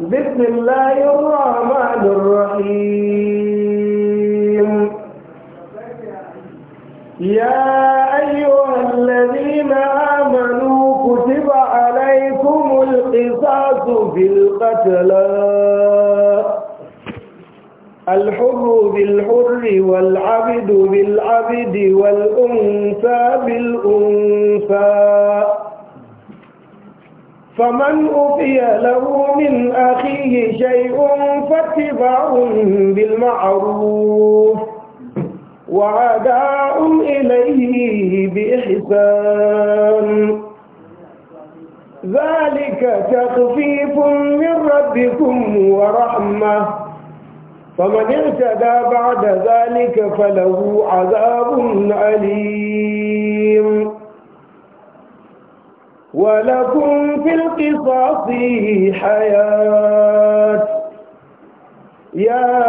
بسم الله الرحمن الرحيم يا أيها الذين آمنوا كتب عليكم القصاص في القتلى الحر بالحر والعبد بالعبد والأنثى بالأنثى فمن أوفي له من أخيه شيء فاتباع بالمعروف وعداء إليه بإحسان ذلك تخفيف من ربكم ورحمة فمن اعتدى بعد ذلك فله عذاب أليم ولكم في القصاص حياة يا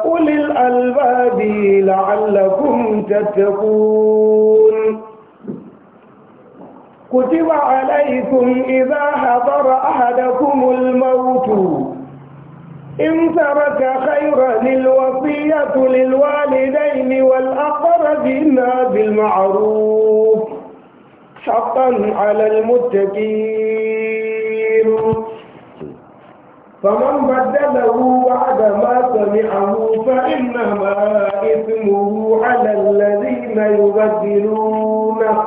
أولي الألباب لعلكم تتقون كتب عليكم إذا حضر أحدكم الموت إن ترك خيرا الوصية للوالدين والأقربين بالمعروف حقا على المتقين فمن بدله بعد ما سمعه فإنما إثمه على الذين يبدلونه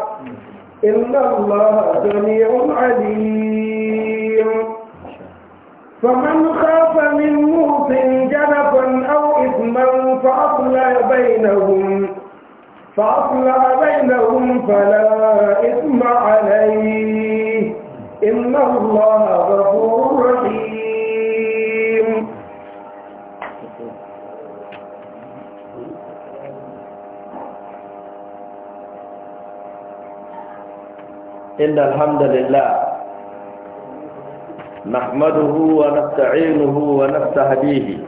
إن الله سميع عليم فمن خاف من موت جنفا أو إثما فأصلى بينهم فأصلح بينهم فلا إثم عليه إن الله غفور رحيم إن الحمد لله نحمده ونستعينه ونستهديه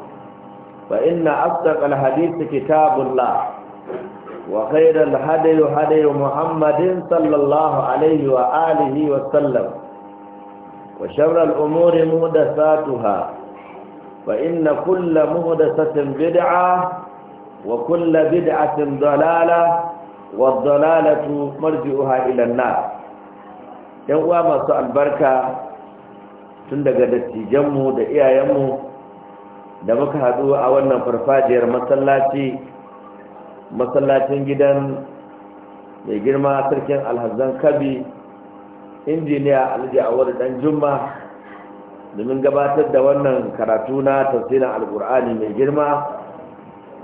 فإن أصدق الحديث كتاب الله وخير الهدي هدي محمد صلى الله عليه وآله وسلم وشر الأمور مهدساتها فإن كل مهدسة بدعة وكل بدعة ضلالة والضلالة مرجعها إلى النار يوم مساء البركة تندقى دتي جمه دقيا يمه da muka haɗu a wannan farfajiyar masallaci masallacin gidan mai girma sarkin alhazan kabi injiniya a awar ɗan juma domin gabatar da wannan karatu na tafsirin alkur'ani mai girma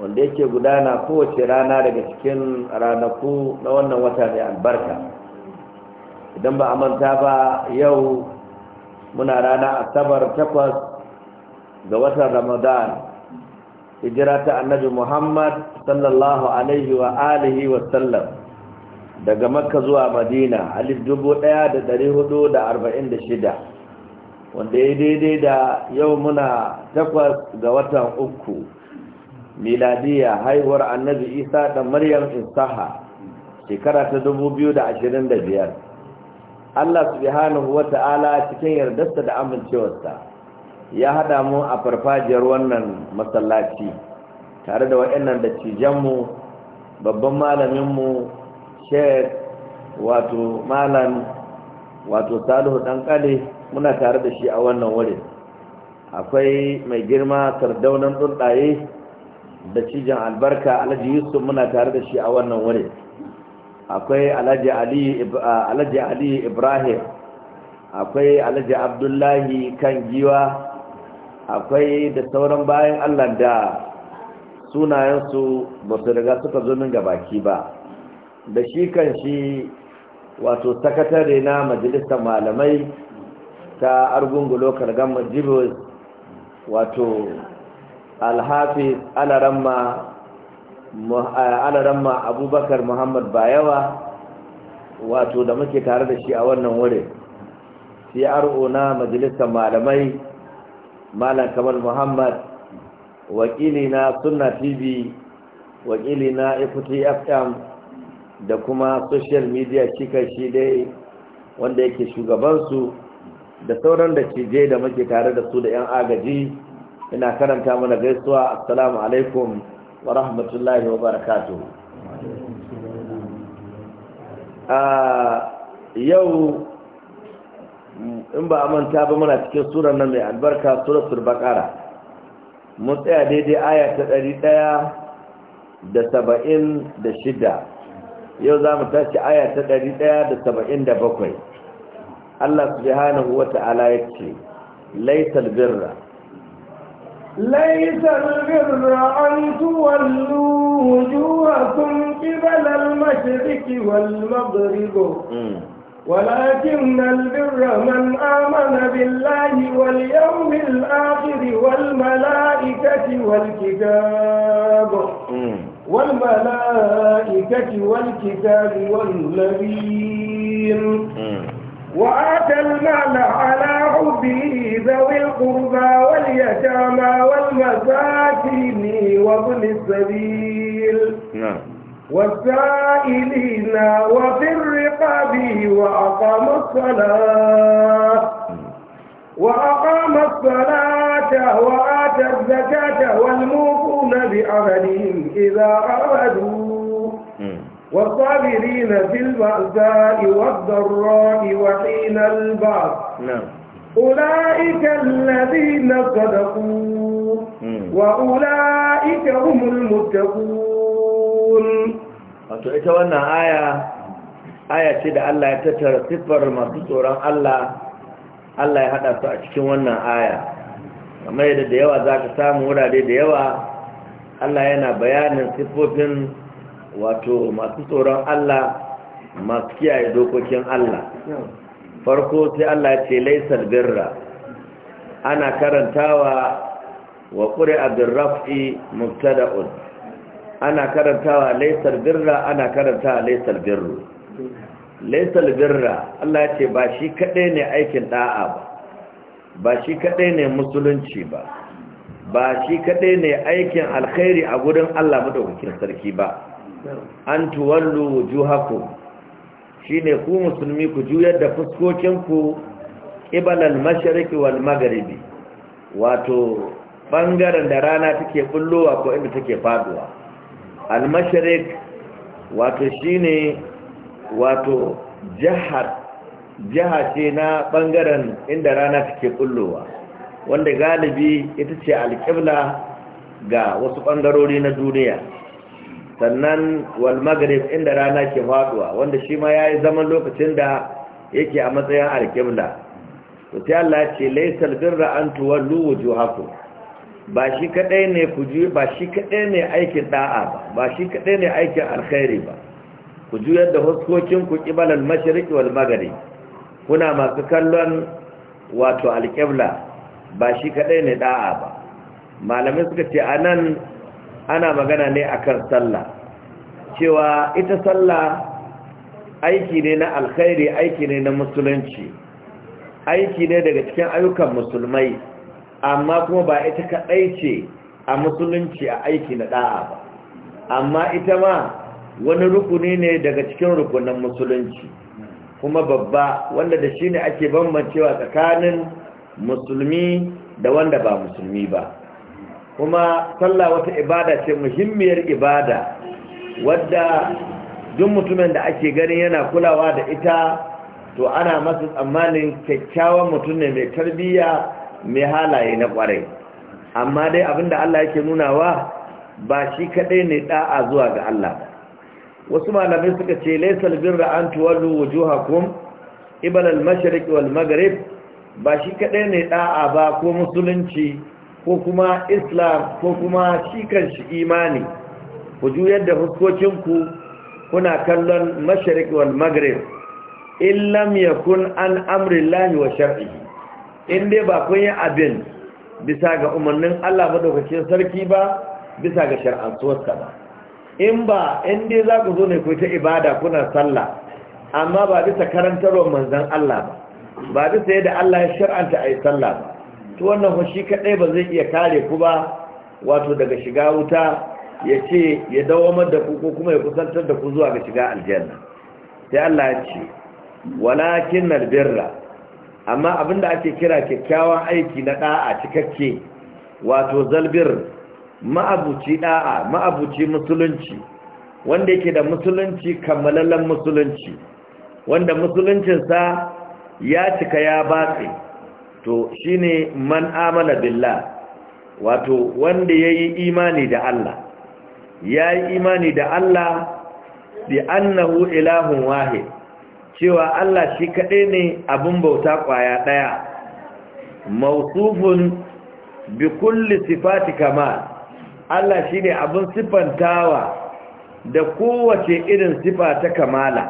wanda yake gudana kowace rana daga cikin ranaku na wannan wata mai albarka idan ba a manta ba yau muna rana asabar takwas ga watan ramadan hijira ta annabi muhammad sallallahu alaihi wa alihi wa sallam daga makka zuwa madina alif dubu ɗaya da dari hudu da arba'in da shida wanda ya daidai da yau muna takwas ga watan uku miladiya haihuwar annabi isa da maryam isaha shekara ta dubu biyu da ashirin da biyar allah subhanahu wa ta'ala cikin yardarsa da amincewarsa ya haɗa mu a farfajiyar wannan masallaci tare da waɗannan dattijanmu babban malaminmu sheik wato malam wato salihu ɗanƙale muna tare da shi a wannan wurin akwai mai girma sardaunan ɗunɗaye da cijan albarka alhaji yusuf muna tare da shi a wannan wurin akwai alhaji aliyu ibrahim akwai alhaji abdullahi kan giwa akwai da sauran bayan allah da sunayensu ba su riga suka zo min gabaki ba da shi kan shi wato sakatare na majalisar malamai ta argungu lokar gama wato alhafiz alaramma abubakar muhammad bayawa wato da muke tare da shi a wannan wurin cro na majalisar malamai malam kamar muhammad wakili na sunna tv wakilina ikuti fm da kuma social media shi shi dai wanda yake shugabansu da sauran da cije da muke tare da su da 'yan agaji ina karanta mana gaisuwa assalamu alaikum wa rahmatullahi wa barakatu. Ah, yau in ba a manta ba muna cikin surar nan mai albarka suratul baqara mun tsaya daidai aya ta ɗari ɗaya da saba'in da shida yau za mu tashi aya ta ɗari ɗaya da saba'in da bakwai Allah subhanahu wa ta'ala ya ce laisal birra ليس البر أن تولوا وجوهكم قبل المشرق والمغرب ولكن البر من آمن بالله واليوم الآخر والملائكة والكتاب والملائكة والكتاب والنبيين وآتى المال على حبه ذوي القربى واليتامى والمساكين وابن السبيل نعم. والسائلين وفي بأصحابه وأقام الصلاة وأقام الصلاة وآتى الزكاة والموفون بعملهم إذا أرادوا والصابرين في البأساء والضراء وحين البأس نعم. أولئك الذين صدقوا وأولئك هم المتقون wato ita wannan aya aya ce da Allah ya tattara siffar masu tsoron Allah Allah ya haɗa su a cikin wannan aya kamar yadda da yawa za ka samu wurare da yawa Allah yana bayanin siffofin wato masu tsoron Allah masu kiyaye dokokin Allah farko sai Allah ce laisar birra ana karantawa wa ƙure abin raf'i mubtada'un ana karantawa laisar birra ana karantawa laisar birru laisal birra Allah ya ce ba shi kaɗai ne aikin ɗa'a ba ba shi kaɗai ne musulunci ba ba shi kaɗai ne aikin alkhairi a gudun Allah madaukakin sarki ba an tuwallu Shi shine ku musulmi ku juyar da fuskokinku ibalal mashariqi wal magharibi wato bangaren da rana take bullowa ko inda take faduwa al mashariq wato shine wato jihar jiha ce na ɓangaren inda rana take kullowa wanda galibi ita ce alƙibla ga wasu bangarori na duniya sannan wal maghrib inda rana ke faɗuwa wanda shi ma yayi zaman lokacin da yake a matsayin alƙibla to sai Allah ce laysal birra an tuwallu wujuhakum ba ba shi kadai ne aikin da'a ba ba shi kadai ne aikin alkhairi ba ku juyar da huskokin ku kibalan mashriqi wal maghrib kuna masu kallon wato alqibla ba shi kadai ne ɗa'a ba malamai suka ce anan ana magana ne akan sallah cewa ita sallah aiki ne na alkhairi aiki ne na musulunci aiki ne daga cikin ayyukan musulmai amma kuma ba ita kaɗai ce a musulunci a aiki na ɗa'a ba amma ita ma wani rukuni ne daga cikin rukunan musulunci kuma babba wanda da shi ne ake bambancewa tsakanin musulmi da wanda ba musulmi ba kuma sallah wata ibada ce muhimmiyar ibada wadda duk mutumin da ake ganin yana kulawa da ita to ana masu tsammanin kyakkyawan mutum ne mai tarbiyya mai halaye na kwarai amma dai abinda Allah yake nunawa ba shi kadai ne da'a zuwa ga Allah wasu malamai suka ce laisal birra an tuwallu wujuhakum ibal al-mashriq wal maghrib ba shi kadai ne da'a ba ko musulunci ko kuma islam ko kuma shi kanshi imani ku juyar da ku kuna kallon mashriq wal maghrib in lam yakun an amri llahi wa shar'ihi in dai ba kun yi abin bisa ga umarnin Allah madaukakin sarki ba bisa ga shar'antuwarsa ba in ba in dai za ku zo ne ku ta ibada kuna sallah amma ba bisa karantarwar manzan Allah ba ba bisa yadda Allah ya shar'anta a yi sallah ba to wannan shi kaɗai ba zai iya kare ku ba wato daga shiga wuta ya ce ya dawamar da ku ko kuma ya kusantar da ku zuwa ga shiga aljanna sai Allah ya ce walakin nalbirra amma abinda ake kira kyakkyawan aiki na ɗa'a cikakke wato zalbir ma'abuci da'a ma'abuci musulunci wanda yake da musulunci kammalallen musulunci wanda musuluncinsa ya cika ya batse to shine man amana billah wato wanda yayi imani da Allah yayi imani da Allah bi annahu ilahun wahid cewa Allah shi kaɗai ne abin bauta ƙwaya ɗaya mausufun bi kulli sifati kamal Allah shi ne abin siffantawa da kowace irin siffa ta kamala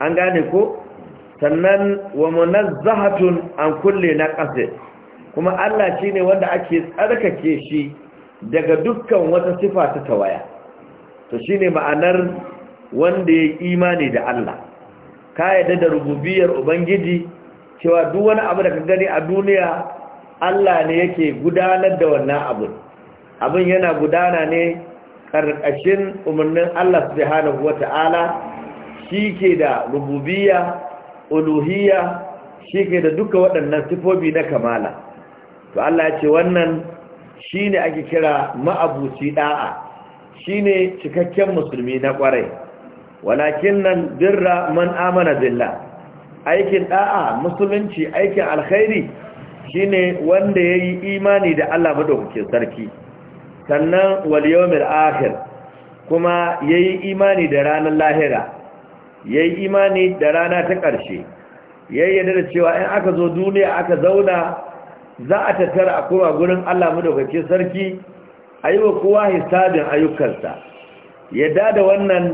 an gane ko sannan wa munazzahatun an kulle na ƙasa kuma Allah shi ne wanda ake tsarkake shi daga dukkan wata siffa ta tawaya to shi ne ma'anar wanda ya imani da Allah ka yadda da rububiyar ubangiji cewa duk wani abu da ka gani a duniya Allah ne yake gudanar da wannan abun. abin yana gudana ne ƙarƙashin umarnin Allah subhanahu ta’ala shi ke da rububiya uluhiya shi ke da duka waɗannan sifobi na kamala to Allah ya ce wannan shi ne ake kira ma'abuci ɗa'a shi ne cikakken musulmi na ƙwarai walakin nan birra man amana billah aikin ɗa'a musulunci aikin alkhairi shi ne wanda ya yi imani da Allah maɗaukakin sarki sannan waliyomir akhir kuma ya yi imani da ranar lahira ya yi imani da rana ta ƙarshe ya yi yadda da cewa in aka zo duniya aka zauna za a tattara a kowa gurin allah madaukakin sarki a yi kowa hisabin ayyukansa yadda da wannan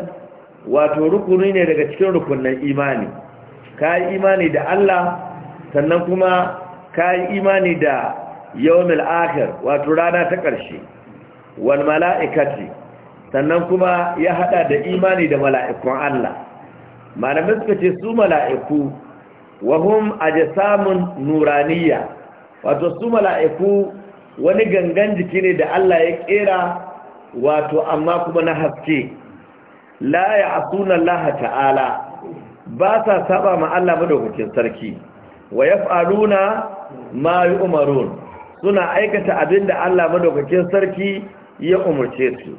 wato rukuni ne daga cikin rukunan imani ka yi imani da allah sannan kuma ka yi imani da yawon akhir wato rana ta ƙarshe wal mala'ikati sannan kuma ya hada da imani da mala'ikun Allah malamai suka ce su mala'iku wahum ajsamun nuraniya wato su mala'iku wani gangan jiki ne da Allah ya kera wato amma kuma na haske la sunan Laha ta'ala ba sa saba ma Allah madaukakin sarki wa yaf'aluna ma yu'marun suna aikata abinda Allah madaukakin sarki ya umarce su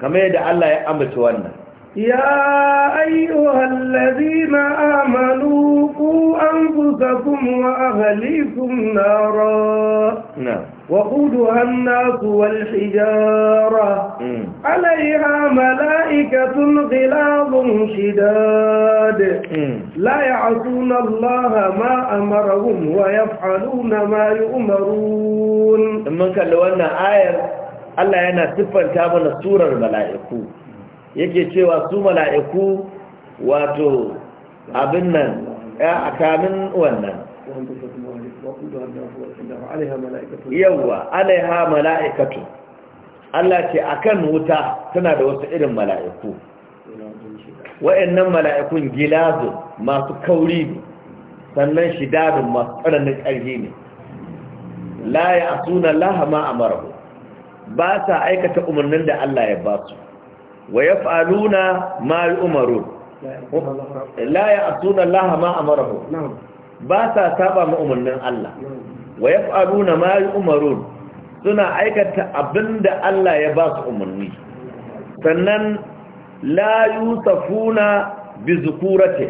game da Allah ya ambata wannan ya ayyuhallazi na amalu ku an kusa kuma a halittun nara na wa kudu hannu su walshijara mm. alaiha mala'ikatun filabun shidade mm. laye a sunan laha ma a marahun wa faru na mayu umarun in mun wannan ayar Allah yana siffanta mana surar mala'iku yake cewa su mala'iku wato abin nan ya kamin wannan yawwa alaiha mala'ikatu Allah ce akan wuta tana da wasu irin mala'iku wa'annan mala'ikun gilazu masu kauri ne sannan shidadun masu tsananin ƙarfi ne la ya asuna lahama a marahu ba sa aikata umarnin da Allah ya ba su wa na ma umaru la ya'tuna Allah ma marahu ba sa saba ma umarnin Allah wa na ma umaru suna aikata abinda Allah ya ba su umarni sannan la na bi zukurati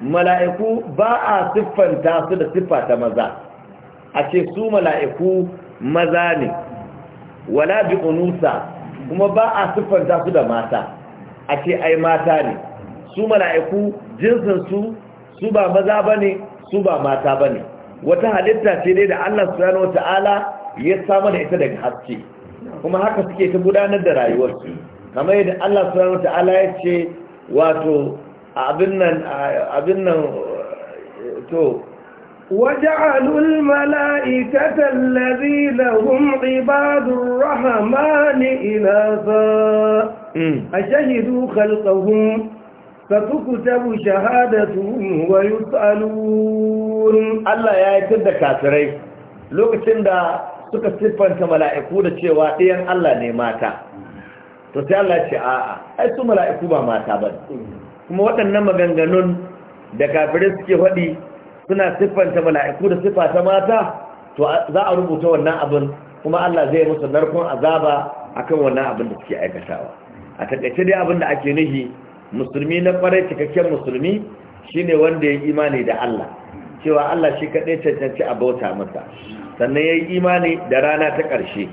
mala'iku ba a siffanta su da siffa ta maza a ce su mala'iku maza ne wala bi unusa kuma ba a siffanta su da mata a ce ai mata ne su mala'iku jinsin su su ba maza bane su ba mata bane wata halitta ce dai da Allah subhanahu wataala ya samu da ita daga haske kuma haka suke ta gudanar da rayuwarsu kamar yadda Allah subhanahu wataala ya ce wato abin nan abin nan to وجعلوا الملائكة الذين هم عباد الرحمن إناثا أشهدوا خلقهم فتكتب شهادتهم ويسألون الله يا يتد كافرين لوكتين دا suka siffanta mala'iku da cewa ɗayan Allah ne mata to a'a ai mala'iku ba mata ba kuma waɗannan maganganun da kafirai suke faɗi suna siffanta mala'iku da siffa ta mata to za a rubuta wannan abin kuma Allah zai musu narkon azaba akan wannan abin da suke aikatawa a takaice dai abin da ake nuhi, musulmi na kwarai cikakken musulmi shine wanda ya yi imani da Allah cewa Allah shi kaɗai cancanci a bauta masa sannan ya yi imani da rana ta ƙarshe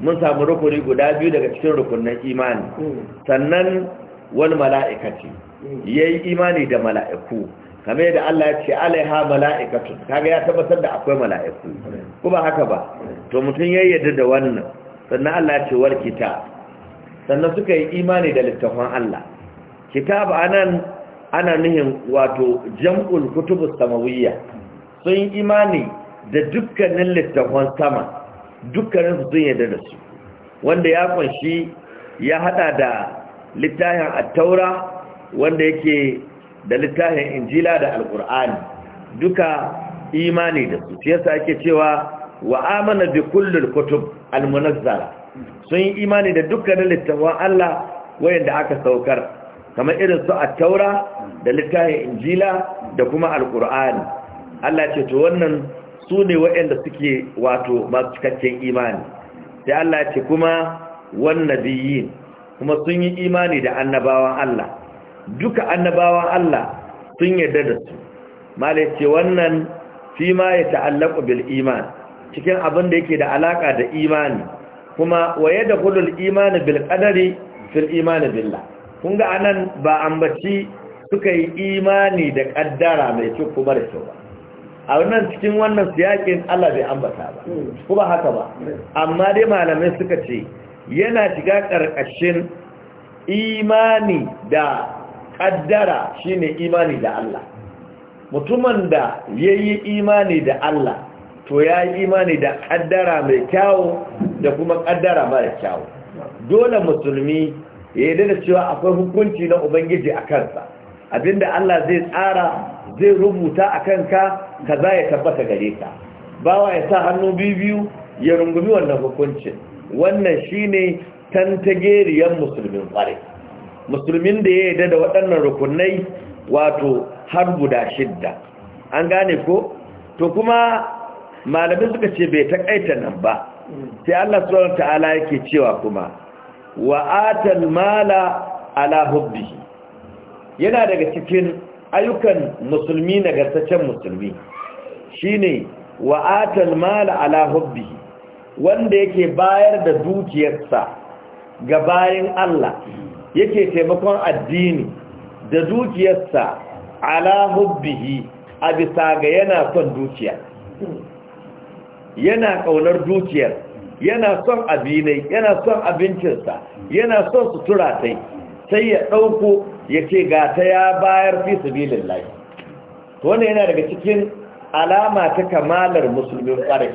mun samu rukuni guda biyu daga cikin rukunin imani mm. sannan wani mala'ikaci mm. ya yi imani da mala'iku kamar da Allah ya ce alaiha mala'ikatu kaga ya tabbatar da akwai mala'iku kuma haka ba to mutum ya yarda da wannan sannan Allah ya ce war sannan suka yi imani da littafin Allah kitab anan ana nihin wato jam'ul kutubus samawiyya sun yi imani da dukkanin littafin sama dukkanin su sun yarda da su wanda ya kunshi ya hada da littafin at-taura wanda yake da littafin injila da alkur'ani duka imani da su yasa ake cewa wa amana bi kullul kutub almunazzala sun yi imani da dukkanin littafin Allah wayanda aka saukar kamar irin su at-taura da littafin injila da kuma alkur'ani Allah ce to wannan su ne wayanda suke wato masu cikakken imani sai Allah ce kuma wan nabiyyin kuma sun yi imani da annabawan Allah duka annabawan Allah sun yarda da su malai ce wannan fi ma ya ta'allaku bil iman cikin abin da yake da alaka da imani kuma waye da kulul imani bil qadari fil imani billah kun ga anan ba ambaci suka yi imani da kaddara mai cikku da kyau ba a wannan cikin wannan siyakin Allah bai ambata ba kuma haka ba amma dai malamai suka ce yana shiga karkashin imani da kaddara shine imani da Allah mutumin da yayi imani da Allah to yayi imani da kaddara mai kyau da kuma kaddara mara kyau dole musulmi ya yarda da cewa akwai hukunci na ubangiji a kansa abinda Allah zai tsara zai rubuta a ka kaza ya tabbata gare ka bawa ya sa hannu biyu ya rungumi wannan hukuncin wannan shine tantageriyar musulmin kwarai musulmin da ya yarda da waɗannan rukunai wato har guda shidda an gane ko to kuma malamin suka ce bai takaita nan ba sai Allah subhanahu ta'ala yake cewa kuma wa atal mala ala hubbihi yana daga cikin ayyukan musulmi na nagartaccen musulmi shine wa atal mala ala hubbihi wanda yake bayar da dukiyarsa ga bayin Allah yake taimakon addini da dukiyarsa ala hubbihi a bisa ga yana son dukiya yana kaunar dukiyar yana son abinai yana son abincinsa yana son sutura tai sai ya ɗauko ya ce ga ta ya bayar fi sabilin lai wanda yana daga cikin alama ta kamalar musulmin ƙwarai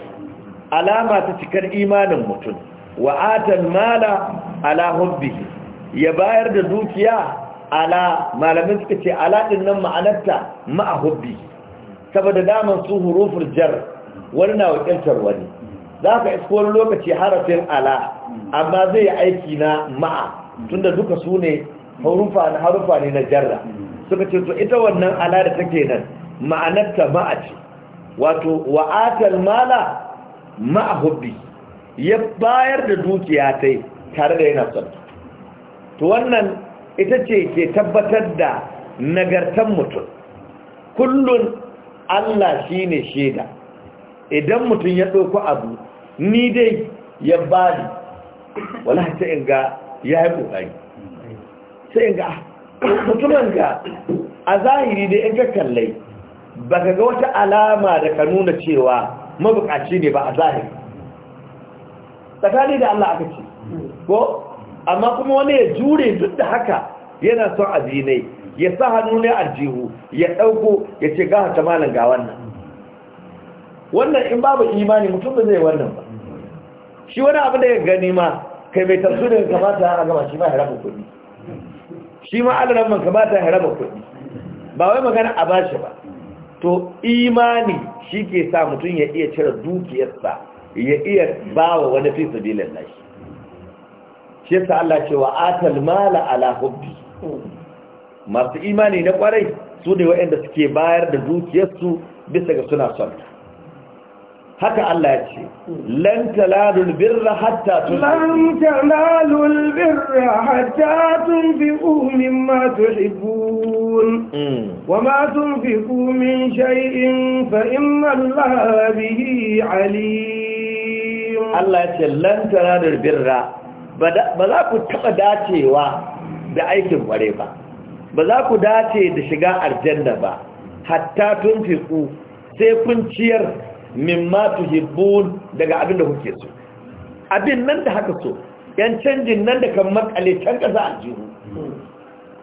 alama ta cikar imanin mutum wa'atan mala ala hubbihi ya bayar da dukiya ala malamin suka ce ala din nan ma'anarta ma'a hubbi saboda daman su hurufin jar wani na wakiltar wani za ka isko wani lokaci harafin ala amma zai yi aiki na ma'a tunda duka su ne harufa ne na jarra suka ce to ita wannan ala da take nan ma'anarta ma'a ce wato wa'atar mala ma'a hubbi ya bayar da dukiya ta tare da yana santa to wannan ita ce ke tabbatar da nagartan mutum kullum Allah shi ne shaida idan mutum ya ɗauko abu ni dai ya bani wala ta inga ya yi ƙoƙari sai inga ah, mutumin ga a zahiri da in ka kallai ba ga wata alama da ka nuna cewa mabukaci ne ba a zahiri tsakani da Allah aka ce ko amma kuma wani ya jure duk da haka yana son azinai ya sa hannu ne a jihu, ya ɗauko ya ce gaha ta malam ga wannan wannan in babu imani mutum ba zai wannan ba shi wani abu da ya gani ma kai mai tafsu da kamata a gama shi ma ya raba kudi shi ma alaran man kamata ya raba kudi ba wai magana a ba shi ba to imani shi ke sa mutum ya iya cire dukiyarsa ya iya ba wa wani fi sabilin lashi shi yasa Allah ce wa atal mala ala hubbi masu imani na kwarai su ne waɗanda suke bayar da dukiyarsu bisa ga suna son haka Allah ya ce lan taladul birra hatta tun lan taladul birra hatta tunfiqu mimma tuhibbun mm. wama tunfiqu min shay'in fa inna Allaha bihi alim Allah ya ce lan taladul birra ba za ku taɓa dacewa da aikin ware ba ba za ku dace da shiga aljanna ba hatta tun fiku sai kun ciyar mimma tuhibbun daga abin da kuke so abin nan da haka so yan canjin nan da kan makale can kasa aljihu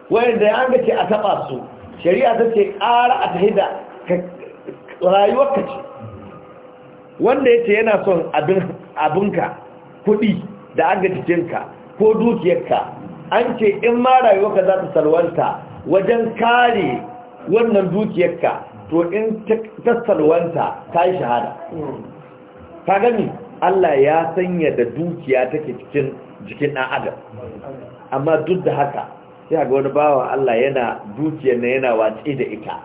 wanda ya ga ce a taba su shari'a ta ce ƙara a tahida rayuwar ka ce wanda ya ce yana son abinka kuɗi da aga jikinka ko dukiyarka an ce in ma rayuwarka za ta salwanta wajen kare wannan dukiyarka to in ta salwanta ta yi shahada ka gani Allah ya sanya da dukiya take cikin jikin ɗan adam amma duk da haka sai ga wani bawa Allah yana dukiyar na yana watsi da ita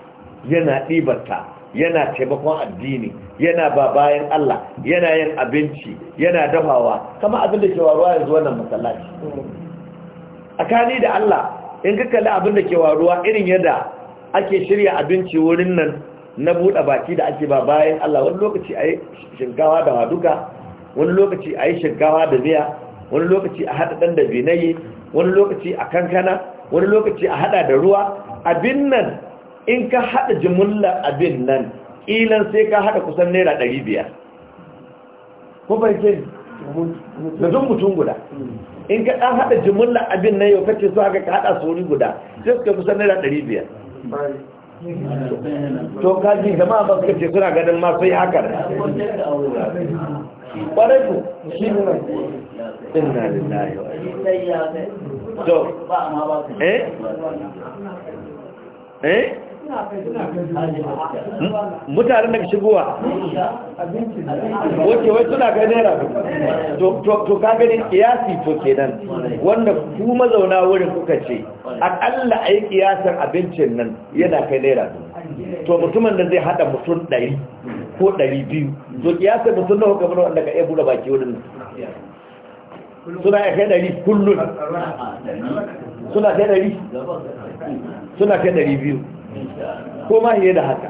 yana ɗibarta yana taimakon addini yana ba bayan Allah yana yin abinci yana dafawa kama abin da ke waruwa yanzu wannan masallaci akani da Allah in ka kalli abin da ke waruwa irin yadda ake shirya abinci wurin nan na buɗe baki da ake ba bayan Allah wani lokaci a yi shinkawa da waduka wani lokaci a shinkawa da miya wani lokaci a haɗa ɗan da binayi wani lokaci a kankana wani lokaci a haɗa da ruwa abin nan in ka haɗa jimillar abin nan ilan sai ka haɗa kusan naira ɗari biyar ko bai ce da zun mutum guda in ka ɗan haɗa jimillar abin nan yau kacce su haka ka haɗa sauri guda sai suka kusan naira ɗari biyar to kaji zama ba suka ce suna ganin masu yi haka ƙwarai ku shi ne na yi wa to eh eh hmm? mutanen da shigowa wace wai suna gani naira to ka gani kiyasi to kenan wanda ku mazauna wurin kuka ce akalla a yi kiyasar abincin nan yana kai naira to mutumin da zai hada mutum ɗari ko ɗari biyu to kiyasar mutum na hukamar wanda ka iya buɗe baki wurin suna ya kai ɗari kullum suna kai ɗari suna kai ɗari biyu ko ma fiye da haka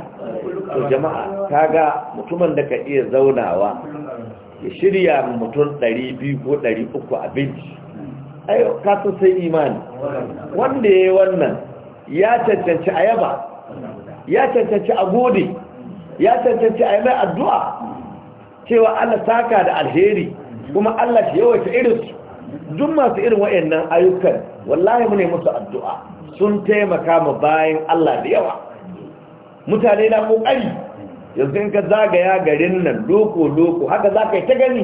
to jama'a kaga mutumin da ka iya zaunawa ya shirya mutum ɗari biyu ko ɗari uku abinci ai kasu sai imani wanda ya yi wannan ya cancanci a yaba ya cancanci a gode ya cancanci a addu'a cewa allah saka da alheri kuma allah shi yawaita irinsu duk masu irin wa'annan ayyukan wallahi mu ne musu addu'a sun taimaka ma bayan Allah da yawa mutane na kokari yanzu ka zagaya garin nan doko doko haka za ka yi ta gani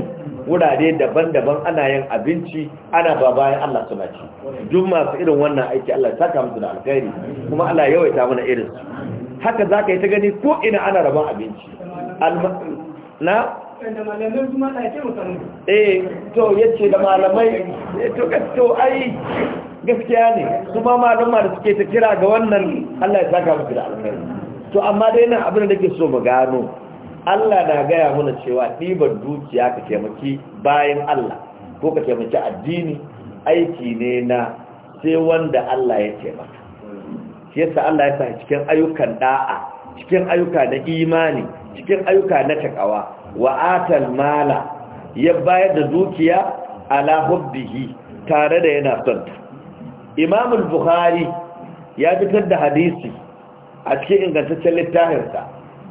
wurare daban-daban ana yin abinci ana ba bayan Allah suna ci duk masu irin wannan aiki Allah ya saka musu da alkhairi kuma Allah yawaita mana irin su haka za ka yi ta gani ko ina ana rabon abinci na eh to yace da malamai eh, to ai gaskiya ne su ma malama da suke ta kira ga wannan Allah ya saka musu da alkhairi to amma dai nan abin da nake so mu gano Allah na gaya mana cewa ɗiban dukiya ka taimaki bayan Allah ko ka taimaki addini aiki ne na sai wanda Allah ya taimaka shi yasa Allah ya sa cikin ayyukan da'a cikin ayyuka na imani cikin ayyuka na takawa wa atal mala ya bayar da dukiya ala hubbihi tare da yana son imamul bukhari ya fitar da hadisi a cikin ingantaccen littafinsa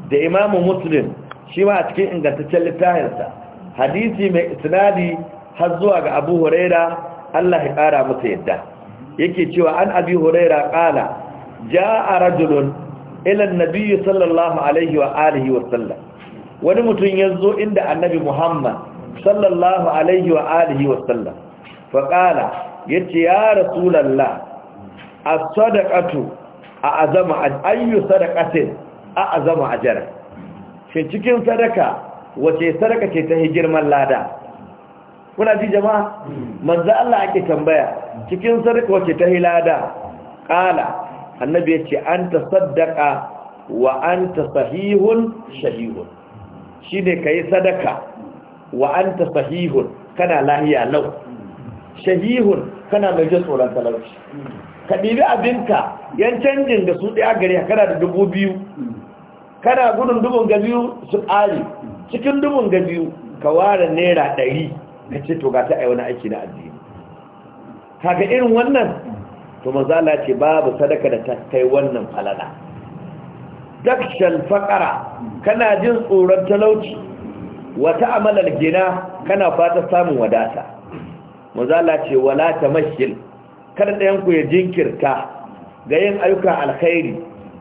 da imam muslim shi ma a cikin ingantaccen littafinsa hadisi mai isnadi har zuwa ga abu huraira Allah ya kara masa yadda yake cewa an abi huraira kala ja'a rajulun ila an nabi sallallahu alaihi wa alihi wa sallam wani mutum yazo inda annabi Muhammad sallallahu alaihi wa alihi wa sallam fa kala yace ya rasulullah as-sadaqatu a azama ayyu sadaqatin a azama ajara shi cikin sadaka wace sadaka ce ta hijirman lada kuna ji jama'a manzo Allah ake tambaya cikin sadaka wace ta hilada qala annabi yace anta saddaqa wa anta sahihun shahihun shine kai sadaka wa anta sahihun kana lahiya lau shahihun kana mai jin tsoron talauci ka ɗibi abinka yan canjin da su ɗaya gari kana da dubu biyu kana gudun dubun ga biyu su ƙari cikin dubun ga biyu ka ware naira ɗari ka ce to gata a wani aiki na addini kaga irin wannan to mazala ce babu sadaka da ta kai wannan falala dakshan fakara. kana jin tsoron talauci wata amalar gina kana fata samun wadata mazala ce wala ta mashil kar ɗayanku ya jinkirta ga yin ayyukan alkhairi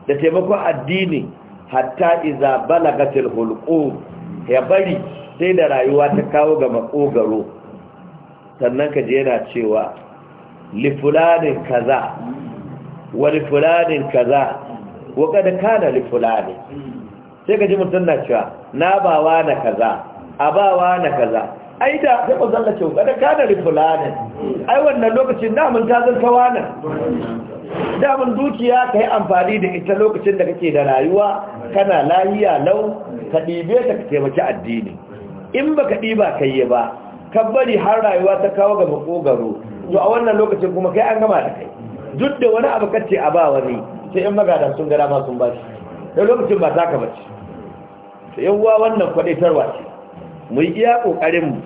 da taimakon addini hatta iza balagatil hulqu ya bari sai da rayuwa ta kawo ga makogaro sannan ka je yana cewa li fulanin kaza wa li fulanin kaza wa kada kana li fulani sai ka ji mutum na cewa na bawa na kaza abawa na kaza ai da sai ku zalla ce kada ka da fulana ai wannan lokacin da mun ta zanta wannan da mun dukiya kai amfani da ita lokacin da kake da rayuwa kana lahiya lau ka dibe ta ka taimaki addini in baka diba kai ba ka bari har rayuwa ta kawo ga makogaro to a wannan lokacin kuma kai an gama da kai duk da wani abu kace a ba wani sai in magadan sun gara ma sun bashi da lokacin ba ka bace sai yawa wannan kwadaitarwa ce mu yi iya ƙoƙarinmu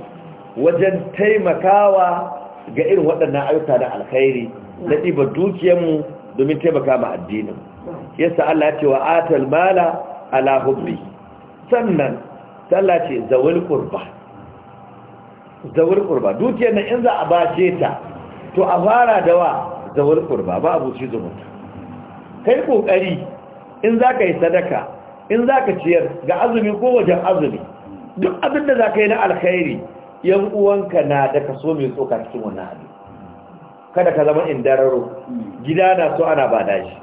wajen taimakawa ga irin waɗannan ayyuka da alkhairi na ɗiba dukiyarmu domin taimaka ma addinin yasa Allah ce wa atal mala ala hubbi sannan Sallah ce zawul qurba zawul qurba dukiyar nan in za a bace ta to a fara da wa zawul qurba ba abuci zumunta kai kokari in za ka yi sadaka in za ka ciyar ga azumi ko wajen azumi duk abin da za ka yi na alkhairi yan uwanka na da kaso mai tsoka cikin wannan abu. kada ka zama indararo gida na so ana ba shi.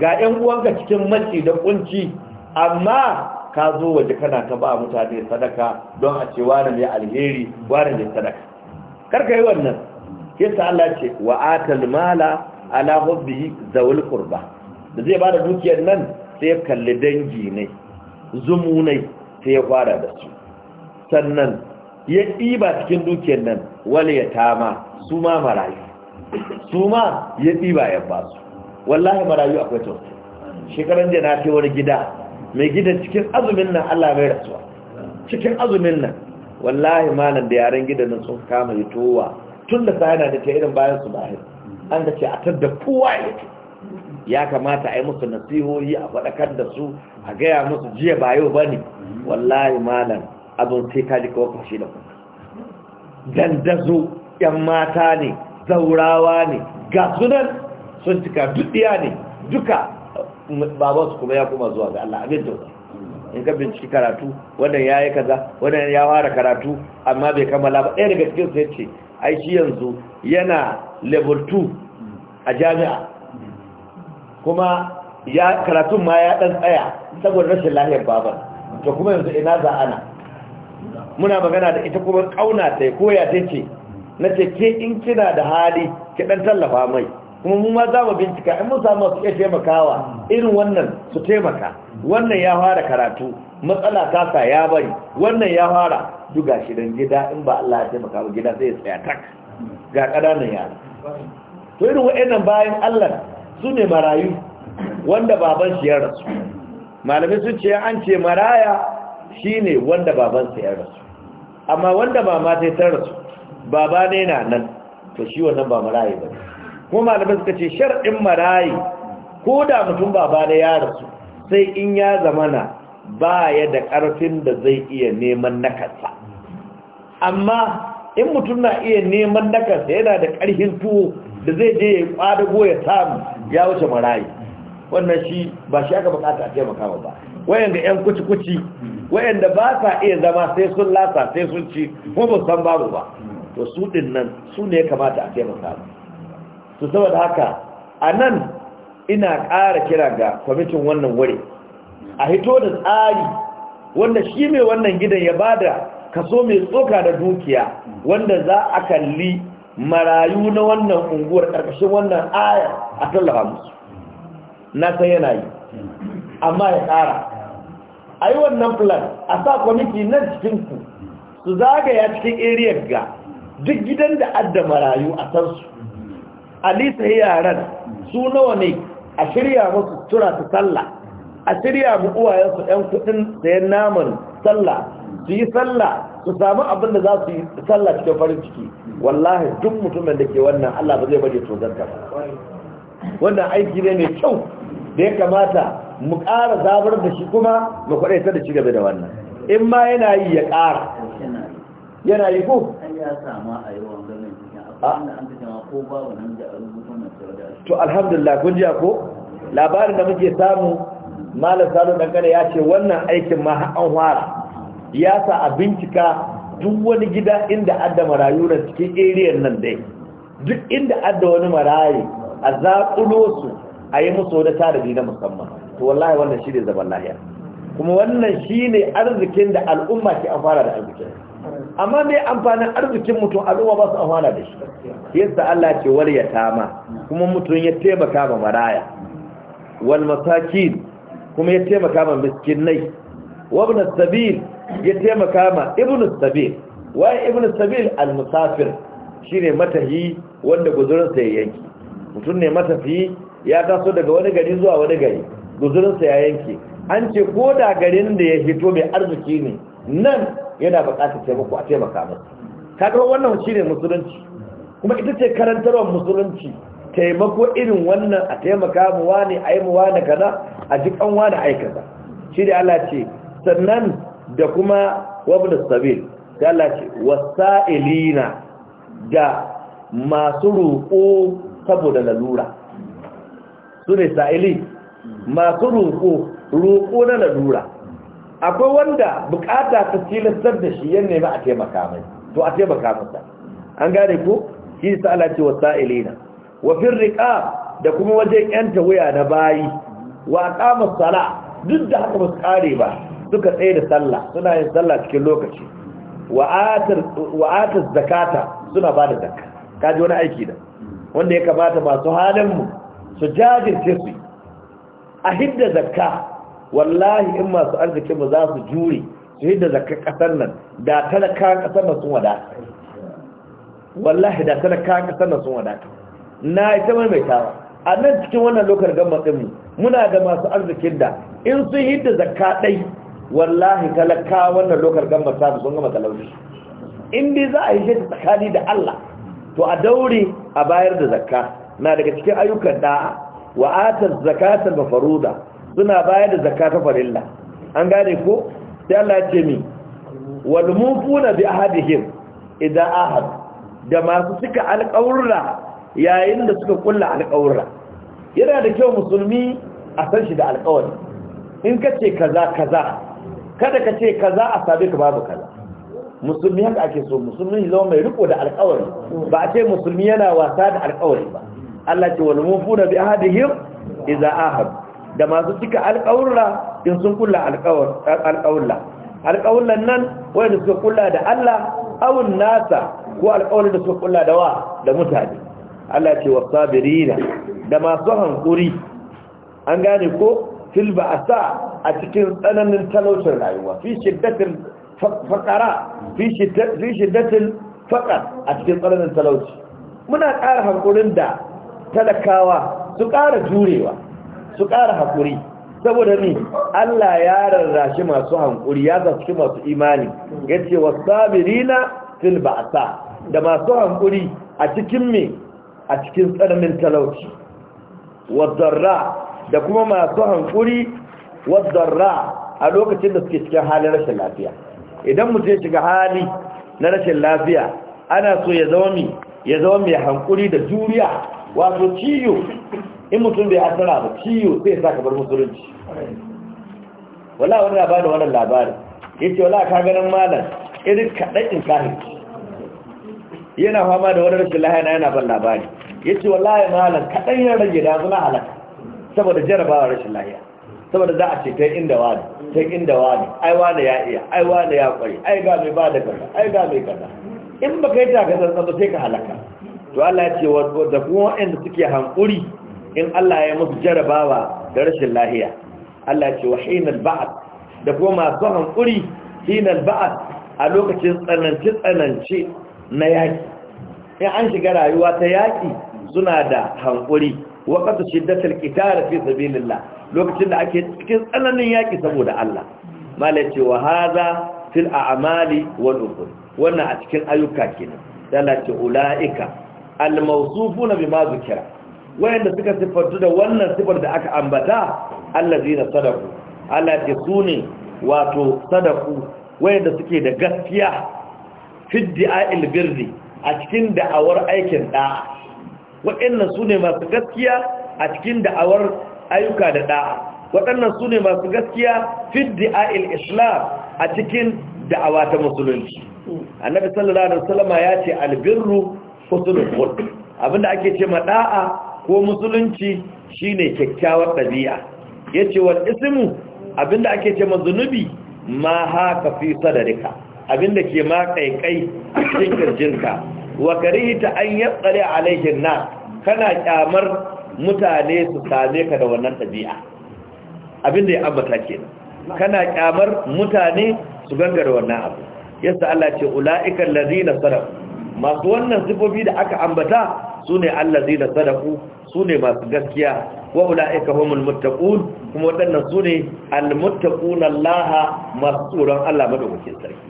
ga yan uwanka cikin mace da kunci amma ka zo waje kana ta ba mutane sadaka don a ce wani mai alheri wani mai sadaka karka yi wannan yasa Allah ce wa atal mala ala hubbihi zawul qurba da zai bada dukiyar nan sai ya kalli dangi ne zumunai sai ya fara da su sannan ya ɗiba cikin dukiyar nan wale ya tama su ma marayu su ma ya ɗiba ya ba su wallahi marayu akwai tausayi shekaran da na kai wani gida mai gidan cikin azumin nan Allah mai rasuwa cikin azumin nan wallahi malam da yaren gidan nan sun kama hitowa tun da sayana da ta irin bayan su bayan an da ce a tadda kowa ya ya kamata a yi musu nasihohi a faɗakar da su a gaya musu jiya ba yau ba ne wallahi malam abin sai ka jika kashi da kuka dandazo yan mata ne zaurawa ne ga sunan sun cika duɗiya ne duka babansu kuma ya kuma zuwa ga Allah abin da in ka binciki karatu wannan ya yi kaza wannan ya fara karatu amma bai kammala ba ɗaya daga cikin sai ce ai yanzu yana level 2 a jami'a kuma ya karatun ma ya ɗan tsaya saboda rashin lahiyar baban to kuma yanzu ina za ana muna magana da ita kuma kauna ta koya ta ce na ce ke in kina da hali ki dan tallafa mai kuma mu ma za mu bincika in mun samu su iya taimakawa irin wannan su taimaka wannan ya fara karatu matsala kasa ya bari wannan ya fara duga shi dan gida in ba Allah ya taimaka ba gida zai tsaya tak ga kadanan yara to irin wa'annan bayan Allah su ne marayu wanda baban shi ya rasu malamai sun ce an ce maraya shine wanda baban sa ya rasu amma wanda mama ta ta rasu baba ne na nan to shi wannan ba marayi ba kuma malamai suka ce shar'in marayi ko da mutum baba ne ya rasu sai in ya zamana ba ya da ƙarfin da zai iya neman nakasa. amma in mutum na iya neman nakasa yana da ƙarfin tuwo da zai je ya kwada ya samu ya wuce marayi wannan shi ba shi aka bukata a taimakawa ba wayan ga 'yan kuci-kuci wayanda ba sa iya zama sai sun lasa sai sun ci ko ba san babu ba to su din nan su ne kamata a taimaka To saboda haka a nan ina ƙara kira ga kwamitin wannan wuri a hito da tsari wanda shi mai wannan gidan ya bada kaso mai tsoka da dukiya wanda za a kalli marayu na wannan unguwar ƙarƙashin wannan aya a tallafa musu na san yana yi amma ya tsara a yi wannan plan a sa kwamiti na cikinku su zagaya cikin ariyar ga duk gidan da adda marayu a san su a lisa yaran su nawa ne a shirya musu tura su sallah a shirya mu uwayensu 'yan kudin sayan namun sallah su yi sallah su samu abin da za su yi sallah cikin farin ciki wallahi duk mutumin da ke wannan Allah ba zai bari tozarta ba wannan aiki ne mai kyau da ya kamata mu ƙara zabar da shi kuma mu kwaɗaita da ci gaba da wannan in ma yana yi ya ƙara yana yi ko to alhamdulillah kun ji ko labarin da muke samu malam salo dankana ya ce wannan aikin ma an fara ya sa a bincika duk wani gida inda adda marayu na cikin eriyar nan dai duk inda adda wani marayu a zaƙulo su a yi musu wani tarihi na musamman to wallahi wannan shi ne zaman lahiya kuma wannan shi ne arzikin da al'umma ke amfana da arzikin amma me amfanin arzikin mutum al'umma ba su amfana da shi yadda Allah ce warya tama kuma mutum ya taimaka ma maraya wal masakin kuma ya taimaka ma miskinai wa ibn sabil ya taimaka ma ibn sabil wa ibn sabil al musafir shine matahi wanda guzurinsa ya yanki mutum ne matafi ya taso daga wani gari zuwa wani gari guzurinsa ya yanke an ce ko da garin da ya hito mai arziki ne nan yana buƙatar taimako a taimaka masa kaga wannan shi ne musulunci kuma ita ce karantarwar musulunci taimako irin wannan a taimaka mu wani a yi mu wani kaza a ji kan wani aikata shi da Allah ce sannan da kuma wabda sabil da Allah ce wasa'ilina da masu roƙo saboda lalura su ne sa'ili masu roƙo roƙo na lalura akwai wanda bukata ta tilastar da shi yan nemi a taimaka mai to a taimaka masa an gane ko shi sa Allah ce wa sa'ilina wa riqa da kuma wajen yanta wuya na bayi wa qama sala duk da haka basu kare ba suka tsaye da sallah suna yin sallah cikin lokaci wa atar wa atar zakata suna bada zakka kaji wani aiki da wanda ya kamata masu halin mu su jajirce su a hidda zakka wallahi in masu arziki ba za su jure su hidda zakka kasar nan da talaka kasar nan sun wada. wallahi da talaka kasar nan sun wada. na ita mai mai tawa a nan cikin wannan lokar gammatsin mu muna da masu arzikin da in sun hidda zakka dai wallahi talaka wannan lokar gammata su sun gama talauci in dai za a yi shi tsakani da Allah to a daure a bayar da zakka na daga cikin ayyukan da'a wa atar zakatar mafaruda suna bayar da zakata farilla an gane ko sai Allah ya ce mi wal mufuna bi ahadihim idan ahad da masu suka alƙawurra yayin da suka kulla alƙawurra yana da kyau musulmi a san shi da alƙawari in ka ce kaza kaza kada ka ce kaza a sabe ka babu kaza musulmi haka ake so musulmi zama mai riko da alƙawari ba a ce musulmi yana wasa da alƙawari ba Allah ce wal mufuna bi ahadihim idza ahad da masu cika alƙawurra in sun kula alƙawurra alƙawurran nan wanda suka kula da Allah awun nasa ko alƙawurra da suka kula da wa da mutane Allah ce wasabirina da masu hankuri an gane ko fil sa a cikin tsananin talaucin rayuwa fi shiddatin faƙara fi shiddatin faƙar a cikin tsananin talauci muna ƙara hankulin da talakawa su ƙara jurewa su ƙara haƙuri saboda ni Allah ya rarrashi masu hankuri ya zaci masu imani ya ce wa sabirina fil ba'sa da masu hankuri a cikin me a cikin tsananin talauci zarra da kuma masu hankuri zarra a lokacin da suke cikin halin rashin lafiya idan mutum ya shiga hali na rashin lafiya ana so ya zama me ya zama mai hankuri da juriya wato ciyo in mutum bai asara ba ciyo sai sa ka bar musulunci wala wani labari labari ya ce wala ka ganin malam irin kaɗai in kahin yana fama da wani rashin lahaya na yana ban labari Ya wala ya malam kaɗan ya rage da zuna halaka saboda jarabawa rashin lahiya saboda za a ce ta inda wani ta inda wani ai wani ya iya ai wani ya kwari ai ga mai ba da kaza ai ga mai kaza in ba ta ka san sai ka halaka to Allah ya ce da kuma waɗanda suke hankuri in Allah ya musu jarabawa da rashin lahiya Allah ya ce wa hinal ba'd da kuma masu hankuri hinal ba'd a lokacin tsananci tsananci na yaki in an shiga rayuwa ta yaki suna da hankuri waqtu shiddatil qital fi sabilillah lokacin da ake cikin tsananin yaki saboda Allah malai ce wa hadha fil a'mali wal umur wannan a cikin ayyuka kenan dalace ulaika al-mawsufuna bima zikira wayanda suka sifantu da wannan sifar da aka ambata allazina sadaku Allah ya sune wato sadaku wayanda suke da gaskiya fi da'il birri a cikin da'awar aikin da'a waɗannan sune masu gaskiya a cikin da'awar ayyuka da da'a waɗannan sune masu gaskiya fi da'il islam a cikin da'awa ta musulunci annabi sallallahu alaihi wasallama ya ce albirru husnul khulq abinda ake ce ma da'a ko musulunci shine kyakkyawar dabi'a yace wal ismu abinda ake ce ma zunubi ma haka fi sadarika abinda ke ma kaikai a cikin kirjinka wa karihta an yatsali alaihin na kana kyamar mutane su same ka da wannan dabi'a abinda ya ambata kenan kana kyamar mutane su gangara wannan abu yasa Allah ce ulaiikal ladina sarafu masu wannan sifofi da aka ambata su ne allazi da sadaku su ne masu gaskiya wa ula'ika humul muttaqun kuma waɗannan su ne almuttaquna allaha masu tsoron Allah madaukakin sarki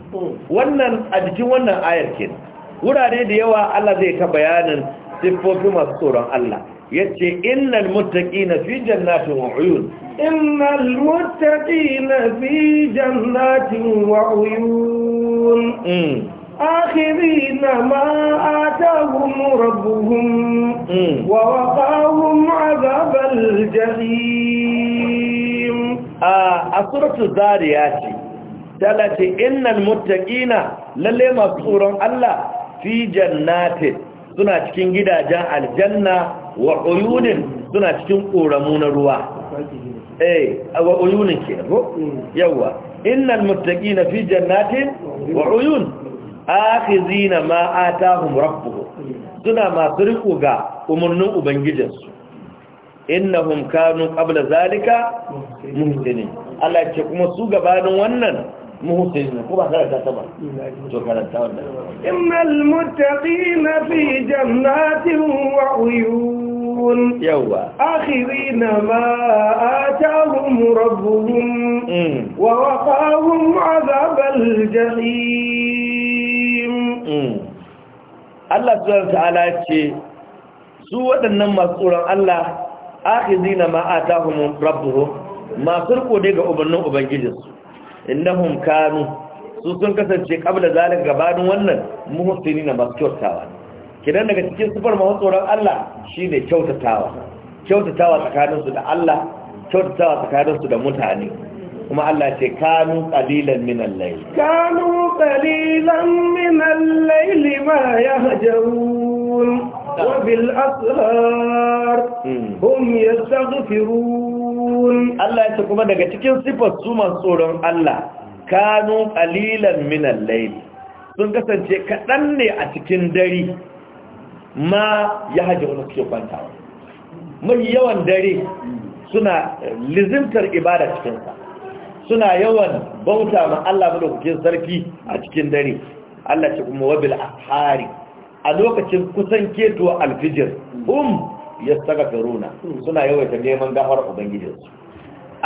wannan a jikin wannan ayar kenan wurare da yawa Allah zai ta bayanin sifofi masu tsoron Allah yace innal muttaqina fi jannatin wa uyun innal muttaqina fi jannatin wa uyun mm. آخذين ما آتاهم ربهم ووقاهم عذاب الجحيم السورة الزاريات تلت إن المتقين للي مصور الله في جنات suna cikin gidajen aljanna wa uyunin suna cikin ƙoramu na ruwa eh wa uyunin ke yawa innal akhizina ma atahum rabbuhum suna masu riko ga umarnin ubangijinsu innahum kanu qabla zalika muhsinin Allah ce kuma su gabanin wannan muhsinin ko ba karanta ta ba to karanta wannan innal muttaqina fi jannatin wa uyun yawa akhirina ma atahum rabbuhum mm. wa waqahum azabal jahim Mm. Allah subhanahu ta'ala ce su waɗannan masu tsoron Allah zina ma atahum rabbuhum masu riko dai ga ubannin ubangijinsu hun kanu su sun kasance ƙabla zalin gabanin wannan na masu kyautawa kidan daga cikin sufar masu tsoron Allah shine kyautatawa kyautatawa tsakaninsu da Allah kyautatawa tsakaninsu da mutane kuma Allah ce kanu qalilan min al-layl kanu qalilan min al-layl ma yahjurun wa bil asrar hmm. hum yastaghfirun Allah ce kuma daga cikin sifar su masu tsoron Allah kanu qalilan min al-layl sun kasance kadan ne a cikin dare ma yahjurun suke kwanta. mai yawan dare suna lizimtar ibada cikin cikinsa suna yawan bauta ma Allah madaukakin sarki a cikin dare Allah ce kuma wabil ahari a lokacin kusan keto alfijir saka yastaghfiruna suna yawaita neman gafar ubangijinsu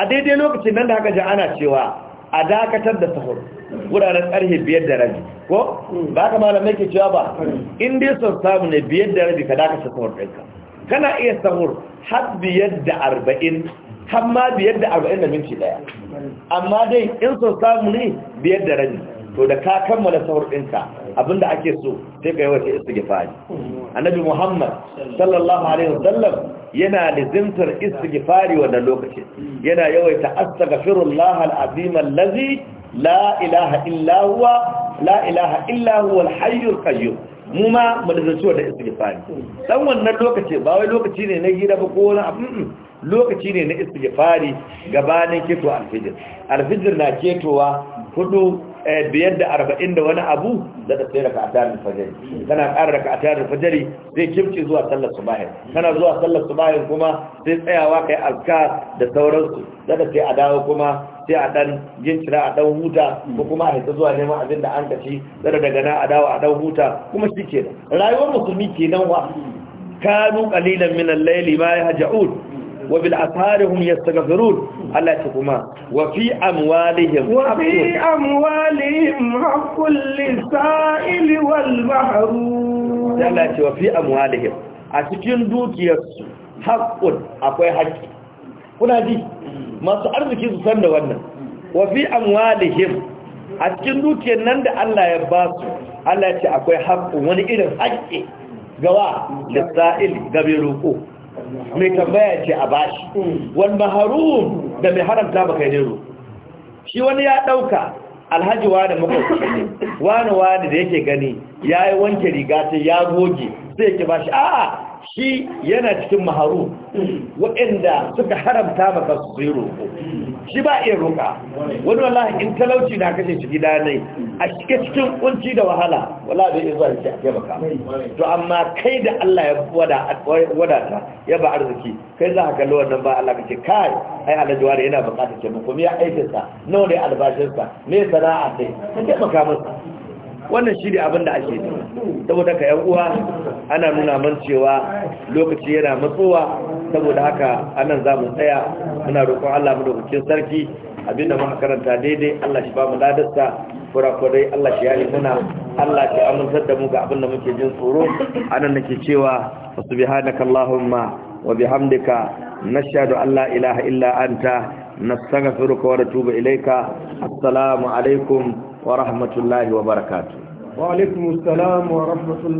a daidai lokacin nan da haka ji ana cewa a dakatar da sahur wuraren karfe biyar da rabi ko ba ka malamai ke cewa ba in dai sun samu ne biyar da rabi ka dakatar sahur ɗinka kana iya sahur har biyar da arba'in har ma biyar da arba'in da minti ɗaya amma dai in so samu ne biyar da rani, to da ka kammala sahur ɗinka abinda ake so sai ka yawaita istighfari annabi muhammad sallallahu alaihi wasallam yana lizimtar fari wannan lokaci yana yawaita astaghfirullah alazim allazi la ilaha illa huwa la ilaha illa huwa alhayyul qayyum mu ma mu da fari. dan wannan lokaci ba wai lokaci ne na gida ba ko wani abu lokaci ne na istighfari gabanin keto alfijir alfijir na ketowa hudu eh, biyar da arba'in da wani abu da ta tsere ka a tarin fajari tana ƙara raka a tarin fajari zai kimci zuwa sallar su subahin tana zuwa sallar su subahin kuma sai tsayawa kai alka da sauransu da ta sai a dawo kuma sai a ɗan gincira a dan huta ko kuma a haita zuwa neman abin da an kaci da daga na a dawo a dan huta kuma shi ke rayuwar musulmi kenan wa kanu ƙalilan min al-layli ma yahja'un wa bil atharihum yastaghfirun Allah ta kuma wa fi amwalihim wa fi amwalihim haqqul lisa'il wal mahrum Allah ta wa fi amwalihim a cikin dukiyarsu haqqun akwai haƙƙi kuna ji masu arziki su san da wannan wa fi amwalihim a cikin dukiyar nan da Allah ya ba su Allah ya ce akwai haƙƙun wani irin haƙƙi gawa lissa'il gabe roƙo mai tambaya ce a bashi Wani maharum da mai haramta ba kai nero shi wani ya ɗauka. alhaji wani makwabci ne wani wani da yake gani ya yi wanke riga ta ya goge sai yake bashi a'a shi yana cikin maharu waɗanda suka haramta maka su zai roƙo shi ba iya roƙa wani wala in talauci na kashe shi gida ne a cike cikin ƙunci da wahala wala da iya shi a taimaka to amma kai da Allah ya wadata ya ba arziki kai za ka kalli wannan ba Allah kace kai ai Allah yana buƙatar taimako me ya aikata nawa ne albashinsa me sana'a sai ka taimaka masa wannan shi ne abin da ake yi saboda ka yan uwa ana nuna man cewa lokaci yana matsowa saboda haka anan za mu tsaya muna roƙon Allah madaukakin sarki abinda muka karanta daidai Allah shi ba mu ladarsa kurakurai Allah shi yari muna Allah shi amintar da mu ga abinda muke jin tsoro anan nake cewa subhanaka allahumma wa bihamdika nashhadu an Allah ilaha illa anta nastaghfiruka wa natubu ilaika assalamu alaikum ورحمة الله وبركاته وعليكم السلام ورحمة الله